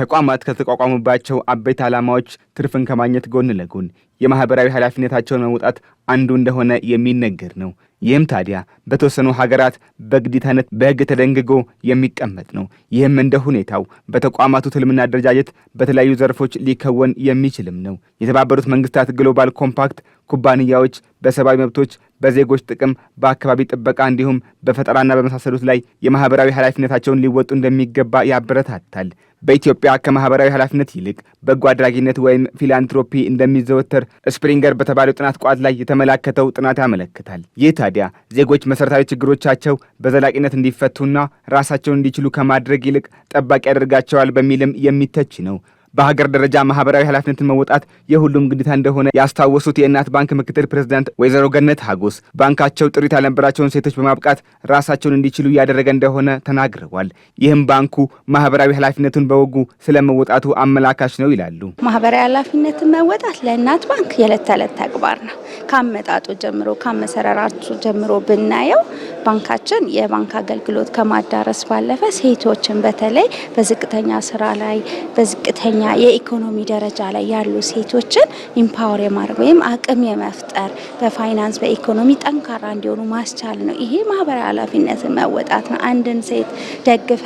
ተቋማት ከተቋቋሙባቸው አበይት ዓላማዎች ትርፍን ከማግኘት ጎን ለጎን የማኅበራዊ ኃላፊነታቸውን መውጣት አንዱ እንደሆነ የሚነገር ነው። ይህም ታዲያ በተወሰኑ ሀገራት በግዴታነት በሕግ ተደንግጎ የሚቀመጥ ነው። ይህም እንደ ሁኔታው በተቋማቱ ትልምና አደረጃጀት በተለያዩ ዘርፎች ሊከወን የሚችልም ነው። የተባበሩት መንግስታት ግሎባል ኮምፓክት ኩባንያዎች በሰብአዊ መብቶች፣ በዜጎች ጥቅም፣ በአካባቢ ጥበቃ እንዲሁም በፈጠራና በመሳሰሉት ላይ የማኅበራዊ ኃላፊነታቸውን ሊወጡ እንደሚገባ ያበረታታል። በኢትዮጵያ ከማህበራዊ ኃላፊነት ይልቅ በጎ አድራጊነት ወይም ፊላንትሮፒ እንደሚዘወተር ስፕሪንገር በተባለው ጥናት ቋት ላይ የተመላከተው ጥናት ያመለክታል። ይህ ታዲያ ዜጎች መሠረታዊ ችግሮቻቸው በዘላቂነት እንዲፈቱና ራሳቸውን እንዲችሉ ከማድረግ ይልቅ ጠባቂ ያደርጋቸዋል በሚልም የሚተች ነው። በሀገር ደረጃ ማህበራዊ ኃላፊነትን መወጣት የሁሉም ግዴታ እንደሆነ ያስታወሱት የእናት ባንክ ምክትል ፕሬዚዳንት ወይዘሮ ገነት ሀጎስ ባንካቸው ጥሪት ያልነበራቸውን ሴቶች በማብቃት ራሳቸውን እንዲችሉ እያደረገ እንደሆነ ተናግረዋል። ይህም ባንኩ ማህበራዊ ኃላፊነቱን በወጉ ስለመወጣቱ አመላካች ነው ይላሉ። ማህበራዊ ኃላፊነትን መወጣት ለእናት ባንክ የዕለት ተዕለት ተግባር ነው። ከአመጣጡ ጀምሮ ከአመሰራራቱ ጀምሮ ብናየው ባንካችን የባንክ አገልግሎት ከማዳረስ ባለፈ ሴቶችን በተለይ በዝቅተኛ ስራ ላይ በዝቅተኛ የኢኮኖሚ ደረጃ ላይ ያሉ ሴቶችን ኢምፓወር የማድረግ ወይም አቅም የመፍጠር በፋይናንስ በኢኮኖሚ ጠንካራ እንዲሆኑ ማስቻል ነው። ይሄ ማህበራዊ ኃላፊነትን መወጣት ነው። አንድን ሴት ደግፈ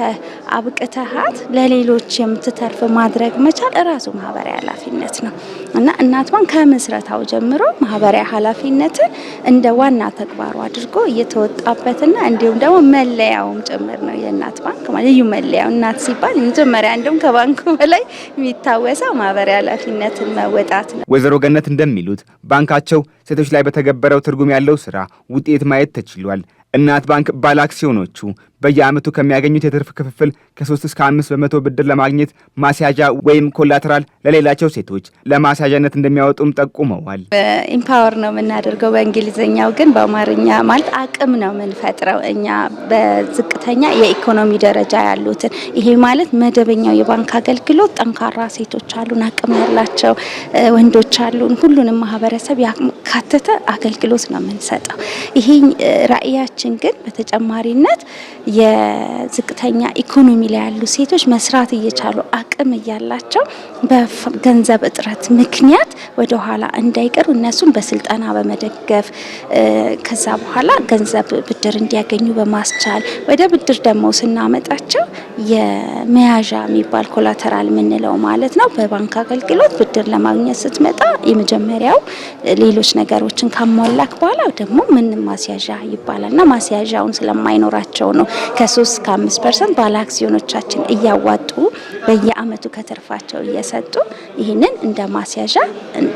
አብቅተሃት ለሌሎች የምትተርፍ ማድረግ መቻል እራሱ ማህበራዊ ኃላፊነት ነው እና እናት ባንክ ከምስረታው ጀምሮ ማህበራዊ ኃላፊነትን እንደ ዋና ተግባሩ አድርጎ እየተወጣበት ያለበትና እንዲሁም ደግሞ መለያውም ጭምር ነው። የእናት ባንክ ማለት ልዩ መለያው እናት ሲባል መጀመሪያ እንደውም ከባንኩ በላይ የሚታወሰው ማህበራዊ ኃላፊነትን መወጣት ነው። ወይዘሮ ገነት እንደሚሉት ባንካቸው ሴቶች ላይ በተገበረው ትርጉም ያለው ስራ ውጤት ማየት ተችሏል። እናት ባንክ ባለአክሲዮኖቹ በየዓመቱ ከሚያገኙት የትርፍ ክፍፍል ከ3 እስከ 5 በመቶ ብድር ለማግኘት ማስያዣ ወይም ኮላተራል ለሌላቸው ሴቶች ለማስያዣነት እንደሚያወጡም ጠቁመዋል። ኢምፓወር ነው የምናደርገው በእንግሊዝኛው ግን በአማርኛ ማለት አቅም ነው የምንፈጥረው እኛ በዝቅተኛ የኢኮኖሚ ደረጃ ያሉትን። ይሄ ማለት መደበኛው የባንክ አገልግሎት ጠንካራ ሴቶች አሉን፣ አቅም ያላቸው ወንዶች አሉን፣ ሁሉንም ማህበረሰብ ያካተተ አገልግሎት ነው የምንሰጠው። ይሄ ራዕያችን ግን በተጨማሪነት የዝቅተኛ ኢኮኖሚ ላይ ያሉ ሴቶች መስራት እየቻሉ አቅም እያላቸው በገንዘብ እጥረት ምክንያት ወደ ኋላ እንዳይቀሩ እነሱም በስልጠና በመደገፍ ከዛ በኋላ ገንዘብ ብድር እንዲያገኙ በማስቻል ወደ ብድር ደግሞ ስናመጣቸው የመያዣ የሚባል ኮላተራል የምንለው ማለት ነው። በባንክ አገልግሎት ብድር ለማግኘት ስትመጣ የመጀመሪያው ሌሎች ነገሮችን ካሟላክ በኋላ ደግሞ ምን ማስያዣ ይባላል እና ማስያዣውን ስለማይኖራቸው ነው ከሶስት ከአምስት ፐርሰንት ባለ አክሲዮኖቻችን እያዋጡ በየአመቱ ከተርፋቸው እየሰጡ ይህንን እንደ ማስያዣ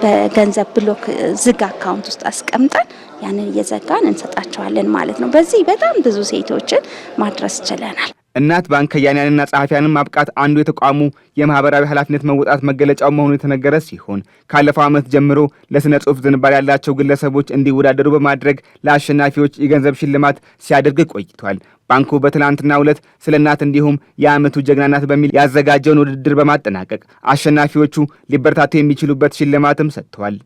በገንዘብ ብሎክ ዝግ አካውንት ውስጥ አስቀምጠን ያንን እየዘጋን እንሰጣቸዋለን ማለት ነው። በዚህ በጣም ብዙ ሴቶችን ማድረስ ችለናል። እናት ባንክ ከያንያንና ጸሐፊያንን ማብቃት አንዱ የተቋሙ የማህበራዊ ኃላፊነት መወጣት መገለጫው መሆኑ የተነገረ ሲሆን ካለፈው ዓመት ጀምሮ ለሥነ ጽሑፍ ዝንባሌ ያላቸው ግለሰቦች እንዲወዳደሩ በማድረግ ለአሸናፊዎች የገንዘብ ሽልማት ሲያደርግ ቆይቷል። ባንኩ በትናንትና ዕለት ስለ እናት እንዲሁም የዓመቱ ጀግና እናት በሚል ያዘጋጀውን ውድድር በማጠናቀቅ አሸናፊዎቹ ሊበረታቱ የሚችሉበት ሽልማትም ሰጥተዋል።